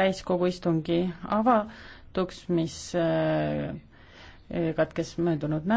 täiskogu istungi avatuks, mis äh, katkes möödunud nädalal.